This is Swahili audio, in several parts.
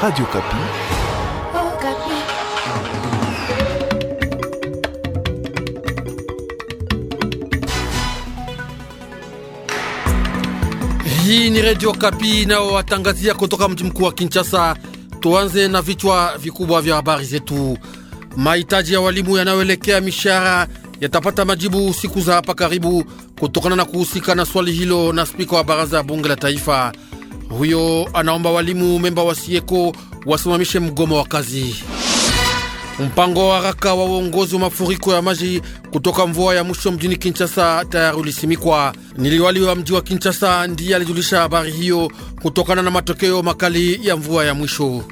Radio Kapi. Oh, Kapi. Hii ni Radio Kapi nao watangazia kutoka mji mkuu wa Kinshasa. Tuanze na vichwa vikubwa vya habari zetu. Mahitaji ya walimu yanayoelekea mishahara yatapata majibu siku za hapa karibu kutokana na kuhusika na swali hilo na spika wa baraza ya bunge la taifa. Huyo anaomba walimu memba wa Sieko wasimamishe mgomo wa kazi. Mpango wa haraka wa uongozi wa mafuriko ya maji kutoka mvua ya mwisho mjini Kinshasa tayari ulisimikwa. Niliwali wa mji wa Kinshasa ndiye alijulisha habari hiyo kutokana na matokeo makali ya mvua ya mwisho.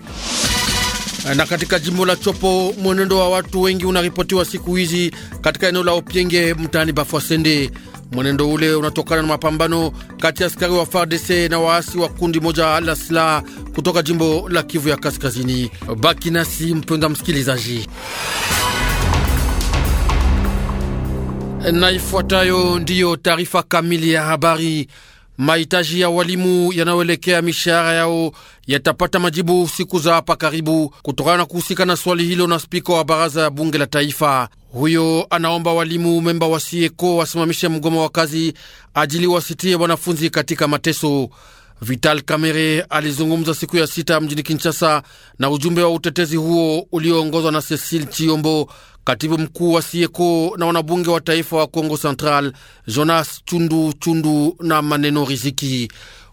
Na katika jimbo la Chopo mwenendo wa watu wengi unaripotiwa siku hizi katika eneo la opyenge mtaani Bafwasende. Mwenendo ule unatokana na mapambano kati ya askari wa FARDC na waasi wa kundi moja la silaha kutoka jimbo la Kivu ya Kaskazini. Baki nasi mpenda msikilizaji, na ifuatayo ndiyo taarifa kamili ya habari. Mahitaji ya walimu yanayoelekea mishahara yao yatapata majibu siku za hapa karibu, kutokana na kuhusika na swali hilo na spika wa baraza ya bunge la taifa. Huyo anaomba walimu memba wa sieko wasimamishe mgomo wa kazi ajili wasitie wanafunzi katika mateso. Vital Kamerhe alizungumza siku ya sita mjini Kinshasa na ujumbe wa utetezi huo ulioongozwa na Cecil Chiombo, katibu mkuu wa Sieko, na wanabunge wa taifa wa Congo Central Jonas Chundu Chundu na Maneno Riziki.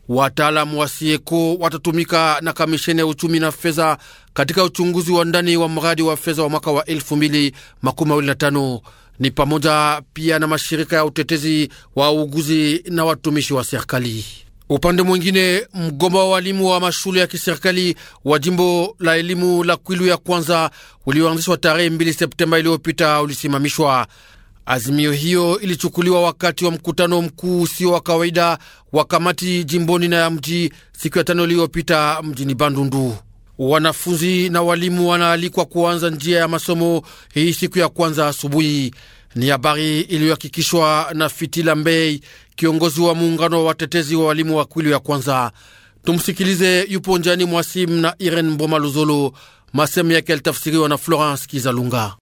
Wataalamu wa Sieko watatumika na kamisheni ya uchumi na fedha katika uchunguzi wa ndani wa mradi wa fedha wa mwaka wa 2025 ni pamoja pia na mashirika ya utetezi wa uuguzi na watumishi wa serikali. Upande mwingine, mgomo wa walimu wa mashule ya kiserikali wa jimbo la elimu la Kwilu ya kwanza ulioanzishwa tarehe 2 Septemba iliyopita ulisimamishwa. Azimio hiyo ilichukuliwa wakati wa mkutano mkuu usio wa kawaida wa kamati jimboni na ya mji siku ya tano iliyopita mjini Bandundu. Wanafunzi na walimu wanaalikwa kuanza njia ya masomo hii siku ya kwanza asubuhi. Ni habari iliyohakikishwa na Fitila Mbei, kiongozi wa muungano wa watetezi wa walimu wa Kwilu ya kwanza. Tumsikilize, yupo njiani mwa simu na Irene Mboma Luzolo Masemu yake alitafsiriwa na Florence Kizalunga.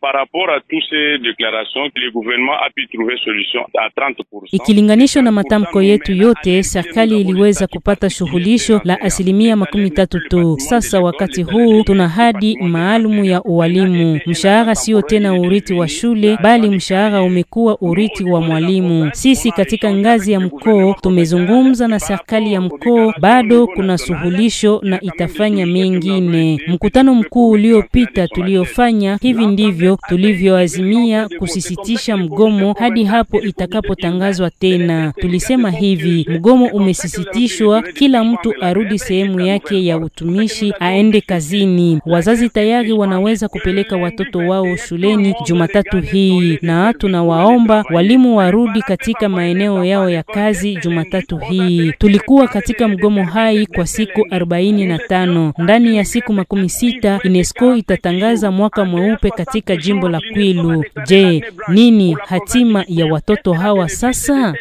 Ikilinganishwa na matamko yetu yote, serikali iliweza kupata shughulisho la asilimia makumi tatu tu. Sasa wakati huu tuna hadi maalumu ya ualimu. Mshahara sio tena urithi wa shule, bali mshahara umekuwa urithi wa mwalimu. Sisi katika ngazi ya mkoo tumezungumza na serikali ya mkoo, bado kuna suhulisho na itafanya mengine. Mkutano mkuu mkuu uliopita tuliofanya, hivi ndivyo tulivyoazimia kusisitisha mgomo hadi hapo itakapotangazwa tena. Tulisema hivi, mgomo umesisitishwa, kila mtu arudi sehemu yake ya utumishi, aende kazini. Wazazi tayari wanaweza kupeleka watoto wao shuleni Jumatatu hii, na tunawaomba walimu warudi katika maeneo yao ya kazi Jumatatu hii. Tulikuwa katika mgomo hai kwa siku 45 ndani ya siku makumi sita UNESCO itatangaza mwaka mweupe katika jimbo la Kwilu. Je, nini hatima ya watoto hawa sasa?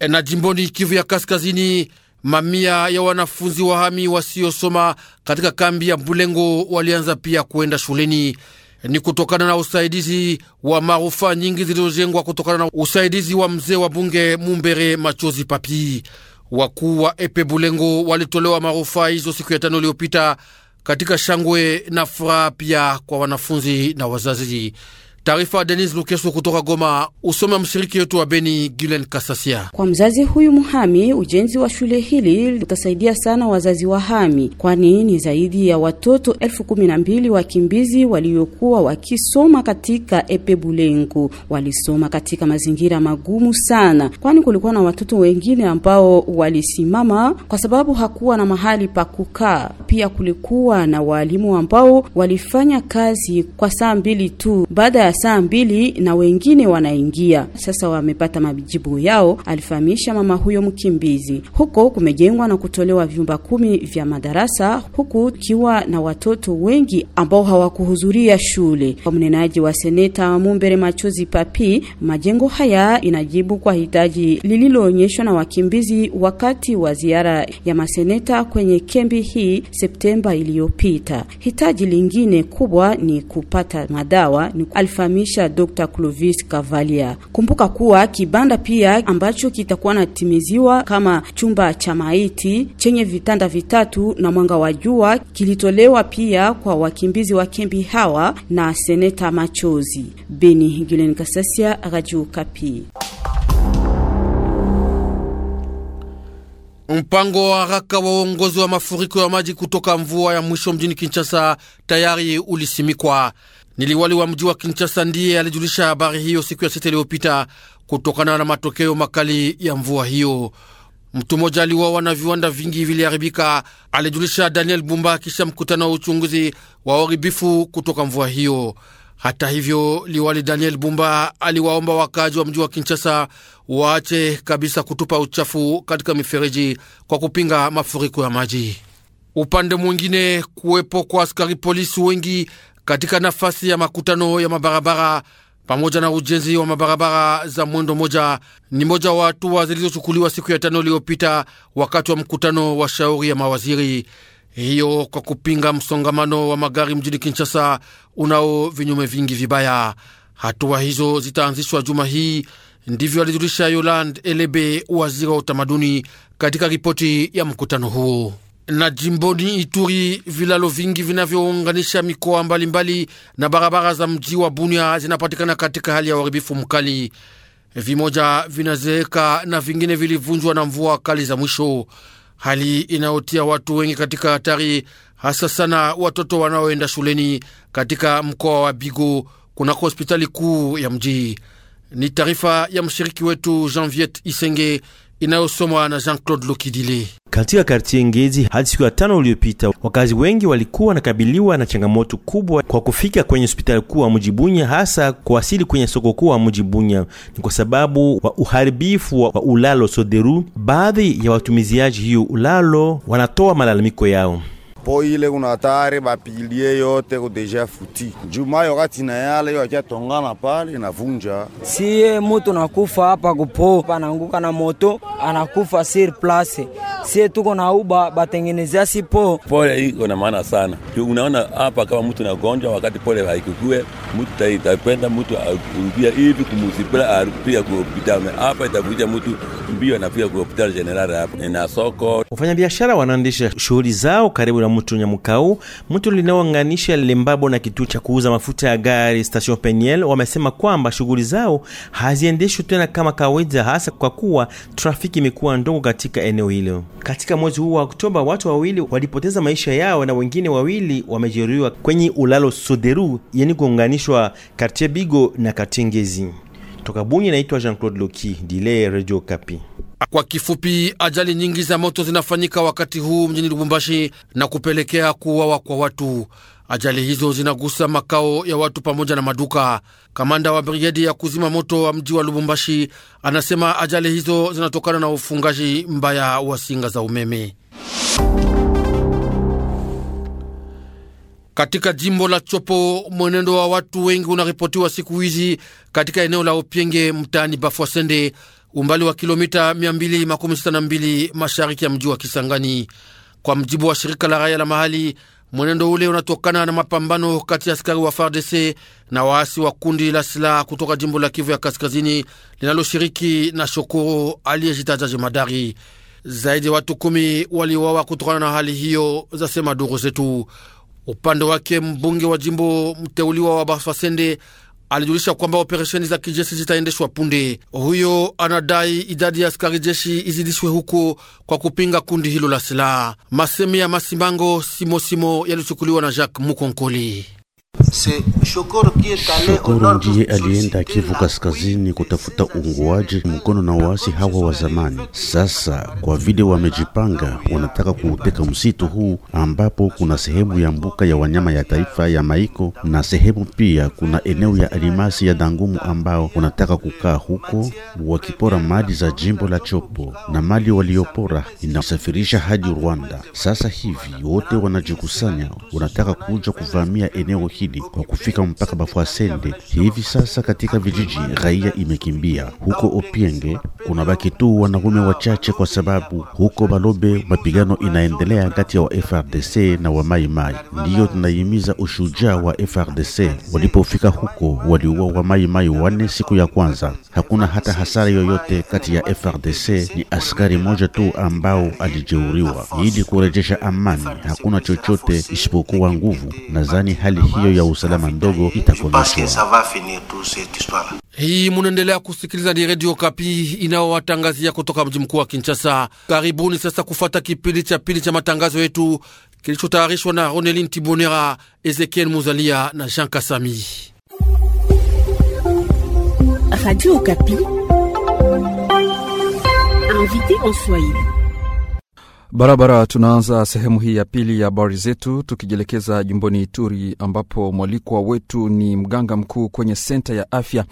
E, na jimboni Kivu ya Kaskazini, mamia ya wanafunzi wahami wasiosoma katika kambi ya Bulengo walianza pia kuenda shuleni ni kutokana na usaidizi wa marufa nyingi zilizojengwa kutokana na usaidizi wa mzee wa bunge Mumbere Machozi Papi. Wakuu wa Epe Bulengo walitolewa marufa hizo siku ya tano iliyopita katika shangwe na furaha pia kwa wanafunzi na wazazi. Taarifa Denis Lukeso kutoka Goma, usome mshiriki wetu wa Beni gulen Kasasia. Kwa mzazi huyu muhami, ujenzi wa shule hili utasaidia sana wazazi wa hami, kwani ni zaidi ya watoto elfu kumi na mbili wakimbizi waliokuwa wakisoma katika Epe Bulengu. Walisoma katika mazingira magumu sana, kwani kulikuwa na watoto wengine ambao walisimama kwa sababu hakuwa na mahali pa kukaa. Pia kulikuwa na waalimu ambao walifanya kazi kwa saa mbili tu baada ya saa mbili na wengine wanaingia sasa, wamepata majibu yao, alifahamisha mama huyo mkimbizi. Huko kumejengwa na kutolewa vyumba kumi vya madarasa, huku kiwa na watoto wengi ambao hawakuhudhuria shule. Kwa mnenaji wa seneta Mumbere Machozi Papi, majengo haya inajibu kwa hitaji lililoonyeshwa na wakimbizi wakati wa ziara ya maseneta kwenye kembi hii Septemba iliyopita. Hitaji lingine kubwa ni kupata madawa ni alfa anafahamisha Dr. Clovis Cavalia. Kumbuka kuwa kibanda pia ambacho kitakuwa natimiziwa kama chumba cha maiti chenye vitanda vitatu na mwanga wa jua kilitolewa pia kwa wakimbizi wa kembi hawa na seneta Machozi. Beni Gilen Kasasia, Radio Kapi. Mpango wa haraka wa uongozi wa mafuriko ya maji kutoka mvua ya mwisho mjini Kinshasa tayari ulisimikwa. Niliwali wa mji wa Kinshasa ndiye alijulisha habari hiyo siku ya sita iliyopita, kutokana na matokeo makali ya mvua hiyo. Mtu mmoja aliwawa na viwanda vingi viliharibika, alijulisha Daniel Bumba kisha mkutano wa uchunguzi wa uharibifu kutoka mvua hiyo. Hata hivyo, liwali Daniel Bumba aliwaomba wakaaji wa mji wa Kinshasa waache kabisa kutupa uchafu katika mifereji kwa kupinga mafuriko ya maji. Upande mwingine, kuwepo kwa askari polisi wengi katika nafasi ya makutano ya mabarabara pamoja na ujenzi wa mabarabara za mwendo moja ni moja wa hatua zilizochukuliwa siku ya tano iliyopita wakati wa mkutano wa shauri ya mawaziri. Hiyo kwa kupinga msongamano wa magari mjini Kinshasa unao vinyume vingi vibaya. Hatua hizo zitaanzishwa juma hii, ndivyo alijulisha yoland Elebe, waziri wa utamaduni, katika ripoti ya mkutano huo na jimboni Ituri, vilalo vingi vinavyounganisha mikoa mbalimbali na barabara za mji wa Bunia zinapatikana katika hali ya uharibifu mkali. Vimoja vinazeeka na vingine vilivunjwa na mvua kali za mwisho, hali inayotia watu wengi katika hatari, hasa sana watoto wanaoenda shuleni katika mkoa wa Bigo kunako hospitali kuu ya mji. Ni taarifa ya mshiriki wetu Janviet Isenge inayosomwa na Jean-Claude Lokidile. Katika kartie Ngezi hadi siku ya tano uliyopita, wakazi wengi walikuwa wanakabiliwa na changamoto kubwa kwa kufika kwenye hospitali kuu wa mji Bunya, hasa kuwasili kwenye soko kuu wa mji Bunya. Ni kwa sababu wa uharibifu wa ulalo Soderu. Baadhi ya watumiziaji hiyo ulalo wanatoa malalamiko yao po ile kuna hatari bapilie yote kudeja futi juma wakati na yale yo akiatongana pale navunja siye mutu nakufa hapa kupo pananguka na moto anakufa sur place sie tuko na uba batengenezea si po pole iko na maana sana unaona hapa kama mtu nagonjwa wakati pole haikukue mtu itakwenda mtu hivi alipia ku hospitali hapa, itakuja mtu mbio anafika ku hospitali general hapa na soko. Wafanyabiashara wanaendesha shughuli zao karibu na mtu Nyamukau, mtu linaoanganisha Lembabo na kituo cha kuuza mafuta ya gari station Peniel, wamesema kwamba shughuli zao haziendeshwi tena kama kawaida, hasa kwa kuwa trafiki imekuwa ndogo katika eneo hilo. Katika mwezi huu wa Oktoba, watu wawili walipoteza maisha yao na wengine wawili wamejeruhiwa kwenye ulalo Soderu yani kuunganisha kuunganishwa ya Bigo na Quartier Ngezi. Toka Bunya naitwa Jean-Claude Loki, dile Radio Kapi. Kwa kifupi, ajali nyingi za moto zinafanyika wakati huu mjini Lubumbashi na kupelekea kuuawa kwa watu. Ajali hizo zinagusa makao ya watu pamoja na maduka. Kamanda wa brigedi ya kuzima moto wa mji wa Lubumbashi anasema ajali hizo zinatokana na ufungaji mbaya wa singa za umeme. Katika jimbo la Chopo, mwenendo wa watu wengi unaripotiwa siku hizi katika eneo la Opienge mtaani Bafwasende, umbali wa kilomita 262 mashariki ya mji wa Kisangani. Kwa mjibu wa shirika la raia la mahali, mwenendo ule unatokana na mapambano kati ya askari wa FARDC na waasi wa kundi la silaha kutoka jimbo la Kivu ya kaskazini linaloshiriki na Shokoro aliyejitaja jemadari. Zaidi ya watu kumi waliuawa kutokana na hali hiyo, zasema duru zetu. Upande wake mbunge wa jimbo mteuliwa wa Baswasende alijulisha kwamba operesheni za kijeshi zitaendeshwa punde. Huyo anadai idadi ya askari jeshi izidishwe huko kwa kupinga kundi hilo la silaha. Masemi ya Masimango Simosimo yalichukuliwa na Jacques Mukonkoli. Shokoro ndiye alienda Kivu Kaskazini kutafuta unguaji mkono na waasi hawa wa zamani. Sasa kwa vile wamejipanga, wanataka kuuteka msitu huu ambapo kuna sehemu ya mbuka ya wanyama ya taifa ya Maiko na sehemu pia kuna eneo ya alimasi ya Dangumu ambao wanataka kukaa huko wakipora mali za jimbo la Chopo, na mali waliopora inasafirisha hadi Rwanda. Sasa hivi wote wanajikusanya, wanataka kuja kuvamia eneo hili wamejitahidi kwa kufika mpaka Bafwasende. Hivi sasa katika vijiji raia imekimbia. Huko Opienge baki tu wanaume wachache, kwa sababu huko Balobe mapigano inaendelea kati ya wa FRDC na wa Maimai. Ndiyo tunahimiza ushujaa wa FRDC. Walipofika huko waliua wa Maimai wane siku ya kwanza. Hakuna hata hasara yoyote kati ya FRDC, ni askari moja tu ambao alijeuriwa. Ili kurejesha amani hakuna chochote isipokuwa nguvu. Nadhani hali hiyo hiyo ya usalama ndogo itakomeshwa. Hii munaendelea kusikiliza ni redio Kapi inayowatangazia kutoka mji mkuu wa Kinshasa. Karibuni sasa kufata kipindi cha pili cha matangazo yetu kilichotayarishwa na Ronelin Tibonera, Ezekiel Muzalia na Jean Kasami. Radio Kapi invité en Swahili Barabara tunaanza sehemu hii ya pili ya habari zetu tukijielekeza jumboni Ituri, ambapo mwalikwa wetu ni mganga mkuu kwenye senta ya afya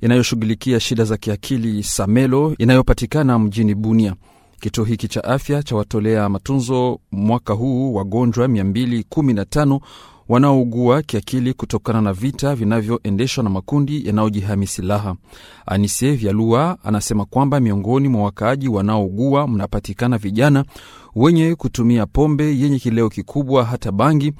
inayoshughulikia shida za kiakili Samelo inayopatikana mjini Bunia. Kituo hiki cha afya chawatolea matunzo mwaka huu wagonjwa 215 wanaougua kiakili kutokana na vita vinavyoendeshwa na makundi yanayojihami silaha. Anise Vyalua anasema kwamba miongoni mwa wakaaji wanaougua mnapatikana vijana wenye kutumia pombe yenye kileo kikubwa, hata bangi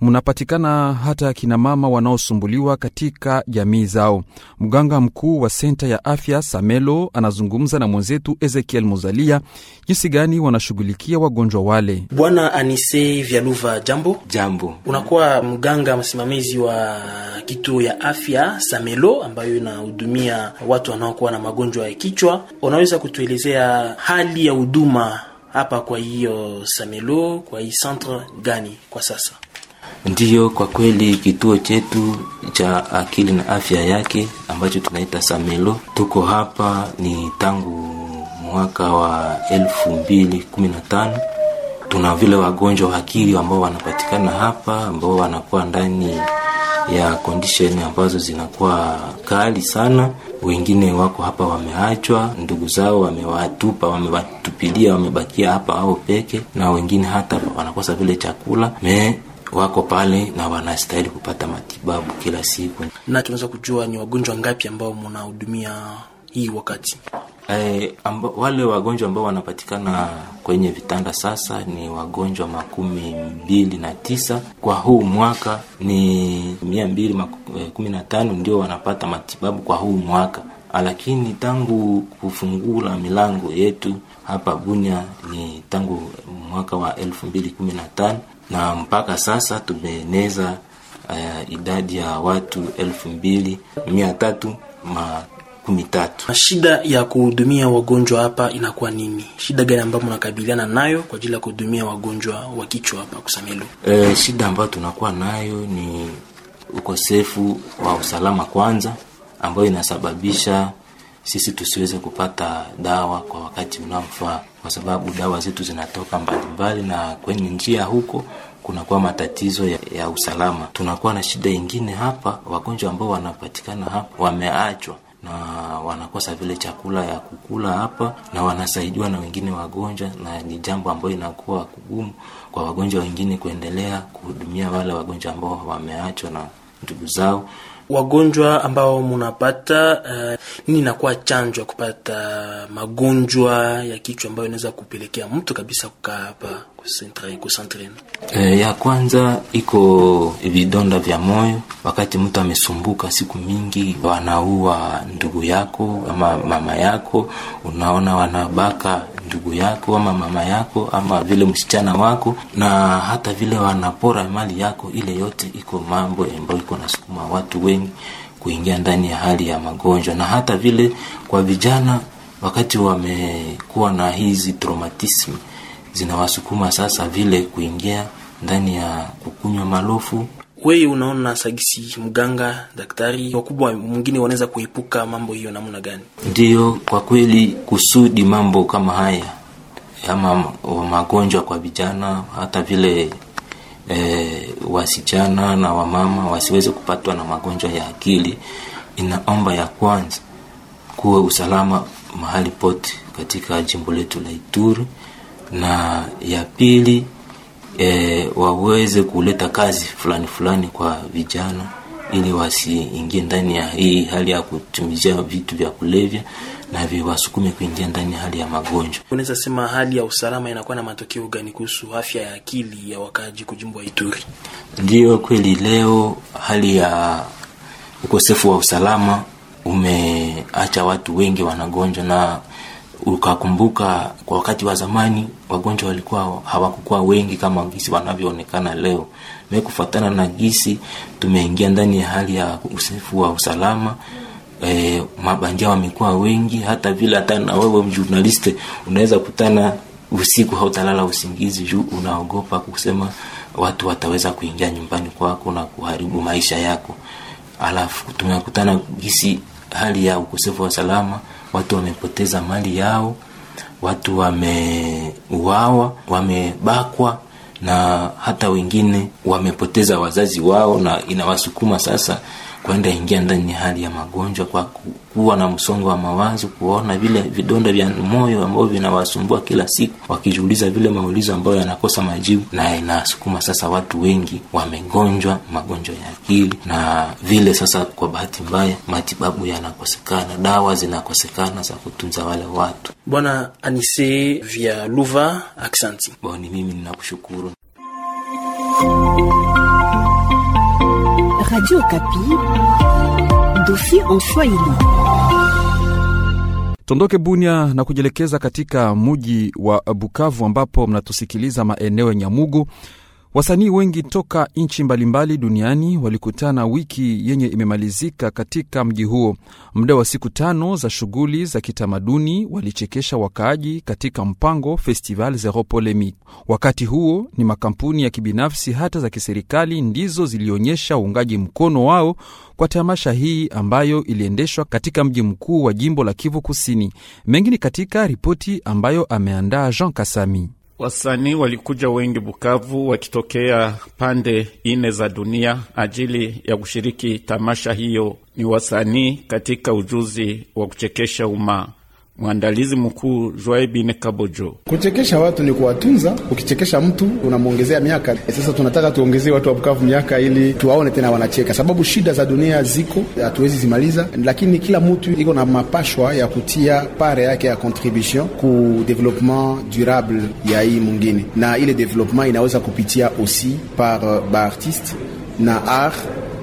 mnapatikana hata kina mama wanaosumbuliwa katika jamii zao. Mganga mkuu wa senta ya afya Samelo anazungumza na mwenzetu Ezekiel Muzalia jinsi gani wanashughulikia wagonjwa wale. Bwana Anise Vyaluva, jambo jambo. Unakuwa mganga msimamizi wa kituo ya afya Samelo ambayo inahudumia watu wanaokuwa na magonjwa ya kichwa. Unaweza kutuelezea hali ya huduma hapa kwa hiyo Samelo, kwa hii centre gani kwa sasa? Ndiyo, kwa kweli kituo chetu cha akili na afya yake ambacho tunaita Samelo, tuko hapa ni tangu mwaka wa elfu mbili kumi na tano. Tuna vile wagonjwa wa akili ambao wanapatikana hapa ambao wanakuwa ndani ya condition ambazo zinakuwa kali sana. Wengine wako hapa wameachwa, ndugu zao wamewatupa, wamewatupilia, wamebakia hapa ao peke, na wengine hata wanakosa vile chakula me wako pale na wanastahili kupata matibabu kila siku. Na tunaweza kujua ni wagonjwa ngapi ambao mnahudumia hii wakati? E, amba, wale wagonjwa ambao wanapatikana kwenye vitanda sasa ni wagonjwa makumi mbili na tisa kwa huu mwaka ni mia mbili eh, kumi na tano ndio wanapata matibabu kwa huu mwaka, ah, lakini tangu kufungula milango yetu hapa Bunya ni tangu mwaka wa elfu mbili kumi na tano na mpaka sasa tumeeneza uh, idadi ya watu elfu mbili mia tatu makumi tatu. Shida ya kuhudumia wagonjwa hapa inakuwa nini? Shida gani ambayo mnakabiliana nayo kwa ajili ya kuhudumia wagonjwa wa kichwa hapa kusamelu Uh, eh, shida ambayo tunakuwa nayo ni ukosefu wa usalama kwanza, ambayo inasababisha sisi tusiweze kupata dawa kwa wakati unaofaa kwa sababu dawa zetu zinatoka mbalimbali na kwenye njia huko kunakuwa matatizo ya, ya usalama. Tunakuwa na shida ingine hapa, wagonjwa ambao wanapatikana hapa wameachwa na wanakosa vile chakula ya kukula hapa, na wanasaidiwa na wengine wagonjwa, na ni jambo ambayo inakuwa kugumu kwa wagonjwa wengine kuendelea kuhudumia wale wagonjwa ambao wameachwa na ndugu zao wagonjwa ambao munapata uh, nini inakuwa chanjo ya kupata magonjwa ya kichwa ambayo inaweza kupelekea mtu kabisa kukaa hapa E, ya kwanza iko vidonda vya moyo. Wakati mtu amesumbuka siku mingi, wanaua ndugu yako ama mama yako, unaona wanabaka ndugu yako ama mama yako ama vile msichana wako, na hata vile wanapora mali yako. Ile yote iko mambo ambayo iko nasukuma watu wengi kuingia ndani ya hali ya magonjwa, na hata vile kwa vijana, wakati wamekuwa na hizi traumatism zinawasukuma sasa vile kuingia ndani ya kukunywa malofu kweli unaona sagisi mganga daktari wakubwa mwingine wanaweza kuepuka mambo hiyo namna gani? Ndiyo, kwa kweli kusudi mambo kama haya ama magonjwa kwa vijana hata vile e, wasichana na wamama wasiweze kupatwa na magonjwa ya akili, inaomba ya kwanza kuwe usalama mahali pote katika jimbo letu la Ituri, na ya pili e, waweze kuleta kazi fulani fulani kwa vijana ili wasiingie ndani ya hii hali ya kutumizia vitu vya kulevya na viwasukume kuingia ndani ya hali ya magonjwa. Unaweza sema hali ya usalama inakuwa na matokeo gani kuhusu afya ya akili ya wakaaji kujumbwa Ituri? Ndiyo kweli, leo hali ya ukosefu wa usalama umeacha watu wengi wanagonjwa na ukakumbuka kwa wakati wa zamani wagonjwa walikuwa hawakukuwa wengi kama gisi wanavyoonekana leo, na kufuatana na gisi tumeingia ndani ya hali ya usifu wa usalama e, mabandia wamekuwa wengi, hata vile hata na wewe mjurnaliste unaweza kutana usiku, hautalala usingizi juu unaogopa kusema watu wataweza kuingia nyumbani kwako na kuharibu maisha yako. Alafu tumekutana gisi hali ya ukosefu wa salama watu wamepoteza mali yao, watu wameuawa, wamebakwa na hata wengine wamepoteza wazazi wao, na inawasukuma sasa kwenda ingia ndani ya hali ya magonjwa kwa kuwa na msongo wa mawazo, kuona vile vidonda vya moyo ambavyo vinawasumbua kila siku, wakijiuliza vile maulizo ambayo yanakosa majibu, na inasukuma sasa watu wengi wamegonjwa magonjwa ya akili, na vile sasa, kwa bahati mbaya, matibabu yanakosekana, dawa zinakosekana za kutunza wale watu. Bwana Anise vya Luva, aksanti boni, mimi ninakushukuru. Radio Kapi, dossier en Swahili. Tuondoke Bunia na kujielekeza katika muji wa Bukavu ambapo mnatusikiliza maeneo ya Nyamugu Wasanii wengi toka nchi mbalimbali duniani walikutana wiki yenye imemalizika katika mji huo. Muda wa siku tano za shughuli za kitamaduni walichekesha wakaaji katika mpango Festival Zero Polemique. Wakati huo ni makampuni ya kibinafsi hata za kiserikali ndizo zilionyesha uungaji mkono wao kwa tamasha hii ambayo iliendeshwa katika mji mkuu wa jimbo la Kivu Kusini. Mengi ni katika ripoti ambayo ameandaa Jean Kasami. Wasanii walikuja wengi Bukavu wakitokea pande ine za dunia ajili ya kushiriki tamasha hiyo. Ni wasanii katika ujuzi wa kuchekesha umma. Mwandalizi mkuu Joai Bine Kabojo: kuchekesha watu ni kuwatunza. Ukichekesha mtu unamwongezea miaka. Eh, sasa tunataka tuongezee watu wa Bukavu miaka ili tuwaone tena wanacheka, sababu shida za dunia ziko, hatuwezi zimaliza, lakini kila mtu iko na mapashwa ya kutia pare yake ya contribution ku development durable ya hii mwingine, na ile development inaweza kupitia aussi par baartiste euh, ba artiste na art,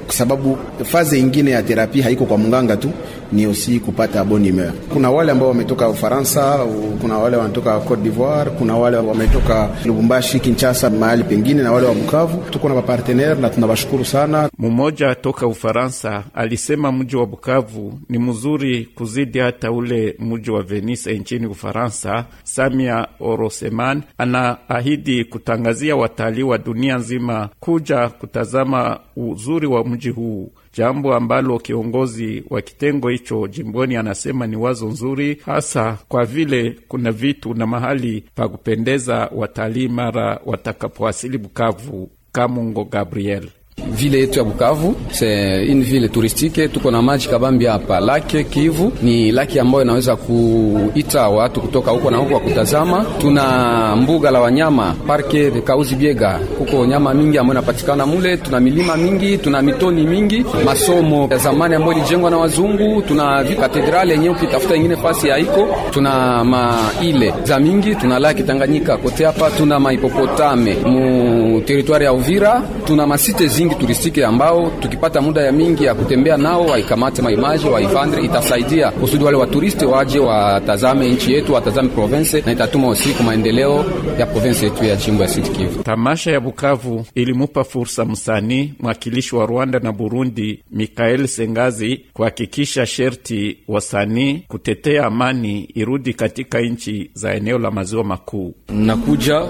kwa sababu faze ingine ya terapi haiko kwa mganga tu ni aussi kupata humeur. Kuna wale ambao wametoka Ufaransa, kuna wale wanatoka Cote d'Ivoire, kuna wale wametoka Lubumbashi, Kinshasa, mahali pengine na wale wa Bukavu. Tuko na mapartenere na tunawashukuru sana. Mmoja toka Ufaransa alisema mji wa Bukavu ni mzuri kuzidi hata ule mji wa Venice nchini Ufaransa. Samia Oroseman anaahidi kutangazia watalii wa dunia nzima kuja kutazama uzuri wa mji huu jambo ambalo kiongozi wa kitengo hicho jimboni anasema ni wazo nzuri, hasa kwa vile kuna vitu na mahali pa kupendeza watalii mara watakapowasili Bukavu. Kamungo Gabriel vile yetu ya Bukavu se une ville touristique, tuko na maji kabambi hapa lake Kivu. Ni lake ambayo inaweza kuita watu kutoka huko na huko wakutazama. Tuna mbuga la wanyama parke de Kauzi Biega, huko nyama mingi ambayo inapatikana mule. Tuna milima mingi, tuna mitoni mingi, masomo ya zamani ambayo ilijengwa na wazungu. Tuna katedrali yenyewe ukitafuta ingine pasi haiko. Tuna maile za mingi, tuna lake Tanganyika kote hapa. Tuna maipopotame mu territoire ya Uvira, tuna masite zingi msingi turistiki ambao tukipata muda ya mingi ya kutembea nao, waikamate maimaji waivandre, itasaidia kusudi wale waturisti waje watazame nchi yetu, watazame province na itatuma usiku maendeleo ya province yetu ya jimbo ya Sud Kivu. Tamasha ya Bukavu ilimupa fursa msanii mwakilishi wa Rwanda na Burundi Mikael Sengazi kuhakikisha sherti wasanii kutetea amani irudi katika nchi za eneo la maziwa makuu. Nakuja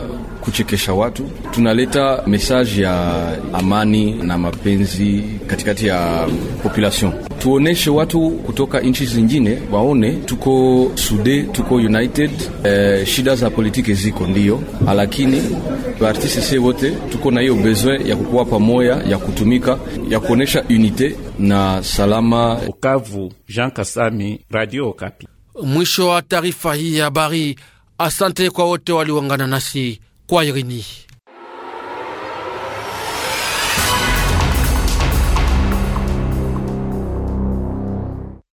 kuchekesha watu, tunaleta mesaji ya amani na mapenzi katikati ya population. Tuoneshe watu kutoka nchi zingine waone tuko sude, tuko united. E, shida za politiki ziko ndio, lakini artiste se wote tuko na hiyo besoin ya kukuwa pamoja, ya kutumika, ya kuonesha unite na salama. Ukavu, Jean Kasami, Radio Okapi. Mwisho wa taarifa hii ya habari. Asante kwa wote waliungana nasi. Quoi Irini